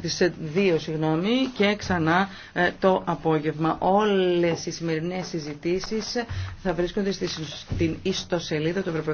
τις δύο, συγγνώμη, και ξανά ε, το απόγευμα. Όλες οι σημερινές συζητήσεις θα βρίσκονται στην ιστοσελίδα του Ευρωπαϊκού